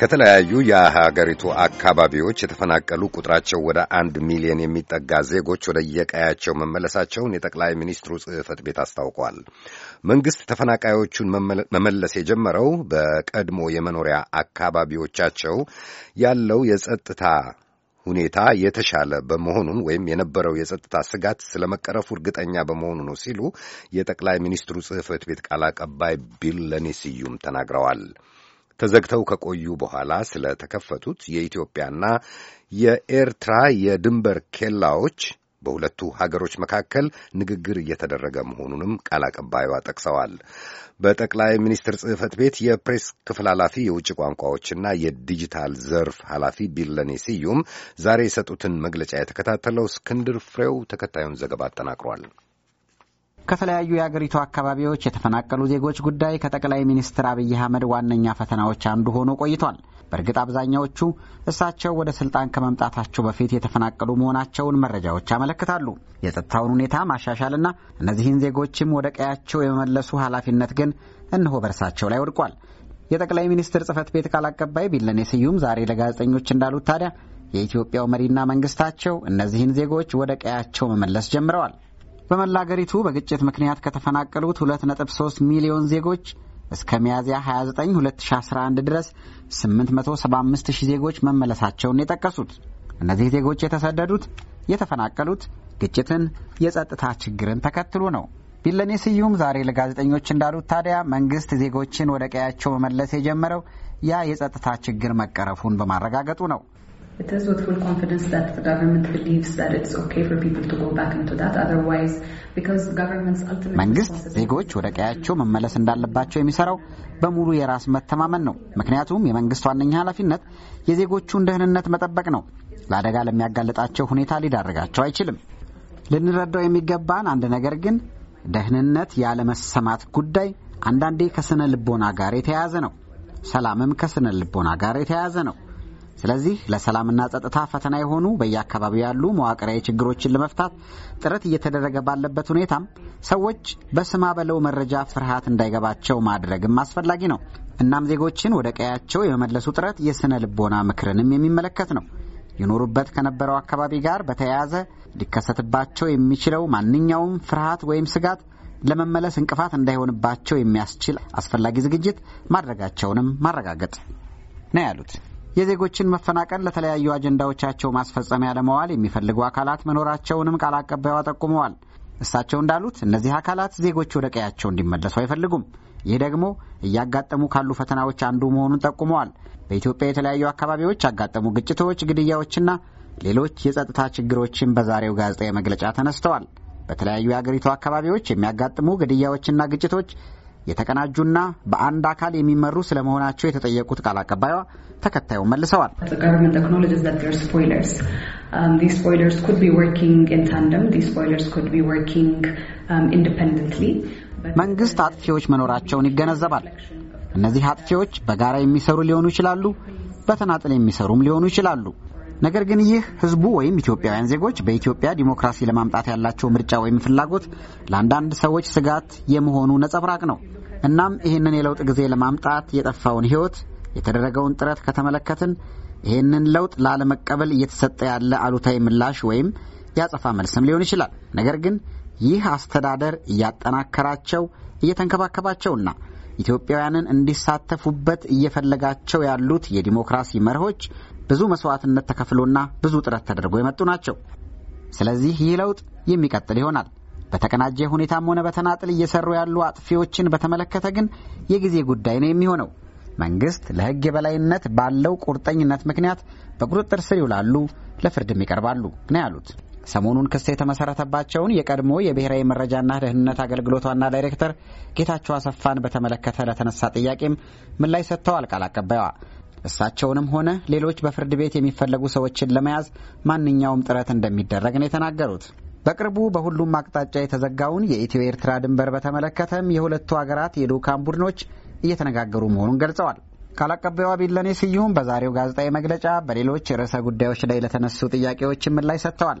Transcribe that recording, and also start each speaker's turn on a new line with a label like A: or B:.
A: ከተለያዩ የሀገሪቱ አካባቢዎች የተፈናቀሉ ቁጥራቸው ወደ አንድ ሚሊዮን የሚጠጋ ዜጎች ወደ የቀያቸው መመለሳቸውን የጠቅላይ ሚኒስትሩ ጽህፈት ቤት አስታውቋል። መንግሥት ተፈናቃዮቹን መመለስ የጀመረው በቀድሞ የመኖሪያ አካባቢዎቻቸው ያለው የጸጥታ ሁኔታ የተሻለ በመሆኑን ወይም የነበረው የጸጥታ ስጋት ስለመቀረፉ እርግጠኛ በመሆኑ ነው ሲሉ የጠቅላይ ሚኒስትሩ ጽህፈት ቤት ቃል አቀባይ ቢለኔ ስዩም ተናግረዋል። ተዘግተው ከቆዩ በኋላ ስለተከፈቱት የኢትዮጵያና የኤርትራ የድንበር ኬላዎች በሁለቱ ሀገሮች መካከል ንግግር እየተደረገ መሆኑንም ቃል አቀባይዋ ጠቅሰዋል። በጠቅላይ ሚኒስትር ጽህፈት ቤት የፕሬስ ክፍል ኃላፊ የውጭ ቋንቋዎችና የዲጂታል ዘርፍ ኃላፊ ቢለኔ ስዩም ዛሬ የሰጡትን መግለጫ የተከታተለው እስክንድር ፍሬው ተከታዩን ዘገባ አጠናቅሯል።
B: ከተለያዩ የአገሪቱ አካባቢዎች የተፈናቀሉ ዜጎች ጉዳይ ከጠቅላይ ሚኒስትር አብይ አህመድ ዋነኛ ፈተናዎች አንዱ ሆኖ ቆይቷል። በእርግጥ አብዛኛዎቹ እሳቸው ወደ ስልጣን ከመምጣታቸው በፊት የተፈናቀሉ መሆናቸውን መረጃዎች ያመለክታሉ። የጸጥታውን ሁኔታ ማሻሻልና እነዚህን ዜጎችም ወደ ቀያቸው የመመለሱ ኃላፊነት ግን እነሆ በእርሳቸው ላይ ወድቋል። የጠቅላይ ሚኒስትር ጽህፈት ቤት ቃል አቀባይ ቢለኔ ስዩም ዛሬ ለጋዜጠኞች እንዳሉት ታዲያ የኢትዮጵያው መሪና መንግስታቸው እነዚህን ዜጎች ወደ ቀያቸው መመለስ ጀምረዋል። በመላ አገሪቱ በግጭት ምክንያት ከተፈናቀሉት 2.3 ሚሊዮን ዜጎች እስከ ሚያዝያ 29 2011 ድረስ 875,000 ዜጎች መመለሳቸውን የጠቀሱት እነዚህ ዜጎች የተሰደዱት የተፈናቀሉት ግጭትን፣ የጸጥታ ችግርን ተከትሎ ነው። ቢለኔ ስዩም ዛሬ ለጋዜጠኞች እንዳሉት ታዲያ መንግስት ዜጎችን ወደ ቀያቸው መመለስ የጀመረው ያ የጸጥታ ችግር መቀረፉን በማረጋገጡ ነው። It is with full confidence that the government believes that it's okay for people to go back into that. Otherwise, because governments ultimately መንግስት ዜጎች ወደ ቀያቸው መመለስ እንዳለባቸው የሚሰራው በሙሉ የራስ መተማመን ነው። ምክንያቱም የመንግስት ዋነኛ ኃላፊነት የዜጎቹን ደህንነት መጠበቅ ነው። ለአደጋ ለሚያጋልጣቸው ሁኔታ ሊዳርጋቸው አይችልም። ልንረዳው የሚገባን አንድ ነገር ግን ደህንነት ያለመሰማት ጉዳይ አንዳንዴ ከስነ ልቦና ጋር የተያያዘ ነው። ሰላምም ከስነ ልቦና ጋር የተያያዘ ነው። ስለዚህ ለሰላምና ጸጥታ ፈተና የሆኑ በየአካባቢው ያሉ መዋቅራዊ ችግሮችን ለመፍታት ጥረት እየተደረገ ባለበት ሁኔታም ሰዎች በስማ በለው መረጃ ፍርሃት እንዳይገባቸው ማድረግም አስፈላጊ ነው። እናም ዜጎችን ወደ ቀያቸው የመመለሱ ጥረት የሥነ ልቦና ምክርንም የሚመለከት ነው። ይኖሩበት ከነበረው አካባቢ ጋር በተያያዘ ሊከሰትባቸው የሚችለው ማንኛውም ፍርሃት ወይም ስጋት ለመመለስ እንቅፋት እንዳይሆንባቸው የሚያስችል አስፈላጊ ዝግጅት ማድረጋቸውንም ማረጋገጥ ነው ያሉት። የዜጎችን መፈናቀል ለተለያዩ አጀንዳዎቻቸው ማስፈጸሚያ ለመዋል የሚፈልጉ አካላት መኖራቸውንም ቃል አቀባይዋ ጠቁመዋል። እሳቸው እንዳሉት እነዚህ አካላት ዜጎች ወደ ቀያቸው እንዲመለሱ አይፈልጉም። ይህ ደግሞ እያጋጠሙ ካሉ ፈተናዎች አንዱ መሆኑን ጠቁመዋል። በኢትዮጵያ የተለያዩ አካባቢዎች ያጋጠሙ ግጭቶች፣ ግድያዎችና ሌሎች የጸጥታ ችግሮችን በዛሬው ጋዜጣዊ መግለጫ ተነስተዋል። በተለያዩ የአገሪቱ አካባቢዎች የሚያጋጥሙ ግድያዎችና ግጭቶች የተቀናጁና በአንድ አካል የሚመሩ ስለመሆናቸው የተጠየቁት ቃል አቀባይዋ ተከታዩን መልሰዋል። um, um, መንግስት አጥፊዎች መኖራቸውን ይገነዘባል። እነዚህ አጥፊዎች በጋራ የሚሰሩ ሊሆኑ ይችላሉ፣ በተናጥል የሚሰሩም ሊሆኑ ይችላሉ። ነገር ግን ይህ ህዝቡ ወይም ኢትዮጵያውያን ዜጎች በኢትዮጵያ ዲሞክራሲ ለማምጣት ያላቸው ምርጫ ወይም ፍላጎት ለአንዳንድ ሰዎች ስጋት የመሆኑ ነጸብራቅ ነው። እናም ይህንን የለውጥ ጊዜ ለማምጣት የጠፋውን ህይወት፣ የተደረገውን ጥረት ከተመለከትን ይህንን ለውጥ ላለመቀበል እየተሰጠ ያለ አሉታዊ ምላሽ ወይም ያጸፋ መልስም ሊሆን ይችላል። ነገር ግን ይህ አስተዳደር እያጠናከራቸው እየተንከባከባቸውና ኢትዮጵያውያንን እንዲሳተፉበት እየፈለጋቸው ያሉት የዲሞክራሲ መርሆች ብዙ መስዋዕትነት ተከፍሎና ብዙ ጥረት ተደርጎ የመጡ ናቸው። ስለዚህ ይህ ለውጥ የሚቀጥል ይሆናል። በተቀናጀ ሁኔታም ሆነ በተናጥል እየሰሩ ያሉ አጥፊዎችን በተመለከተ ግን የጊዜ ጉዳይ ነው የሚሆነው። መንግስት ለሕግ የበላይነት ባለው ቁርጠኝነት ምክንያት በቁጥጥር ስር ይውላሉ፣ ለፍርድም ይቀርባሉ ነው ያሉት። ሰሞኑን ክስ የተመሰረተባቸውን የቀድሞ የብሔራዊ መረጃና ደህንነት አገልግሎት ዋና ዳይሬክተር ጌታቸው አሰፋን በተመለከተ ለተነሳ ጥያቄም ምላሽ ሰጥተዋል ቃል አቀባይዋ። እሳቸውንም ሆነ ሌሎች በፍርድ ቤት የሚፈለጉ ሰዎችን ለመያዝ ማንኛውም ጥረት እንደሚደረግ ነው የተናገሩት። በቅርቡ በሁሉም አቅጣጫ የተዘጋውን የኢትዮ ኤርትራ ድንበር በተመለከተም የሁለቱ ሀገራት የልዑካን ቡድኖች እየተነጋገሩ መሆኑን ገልጸዋል። ቃል አቀባይዋ ቢለኔ ስዩም በዛሬው ጋዜጣዊ መግለጫ በሌሎች ርዕሰ ጉዳዮች ላይ ለተነሱ ምን ምላሽ ሰጥተዋል።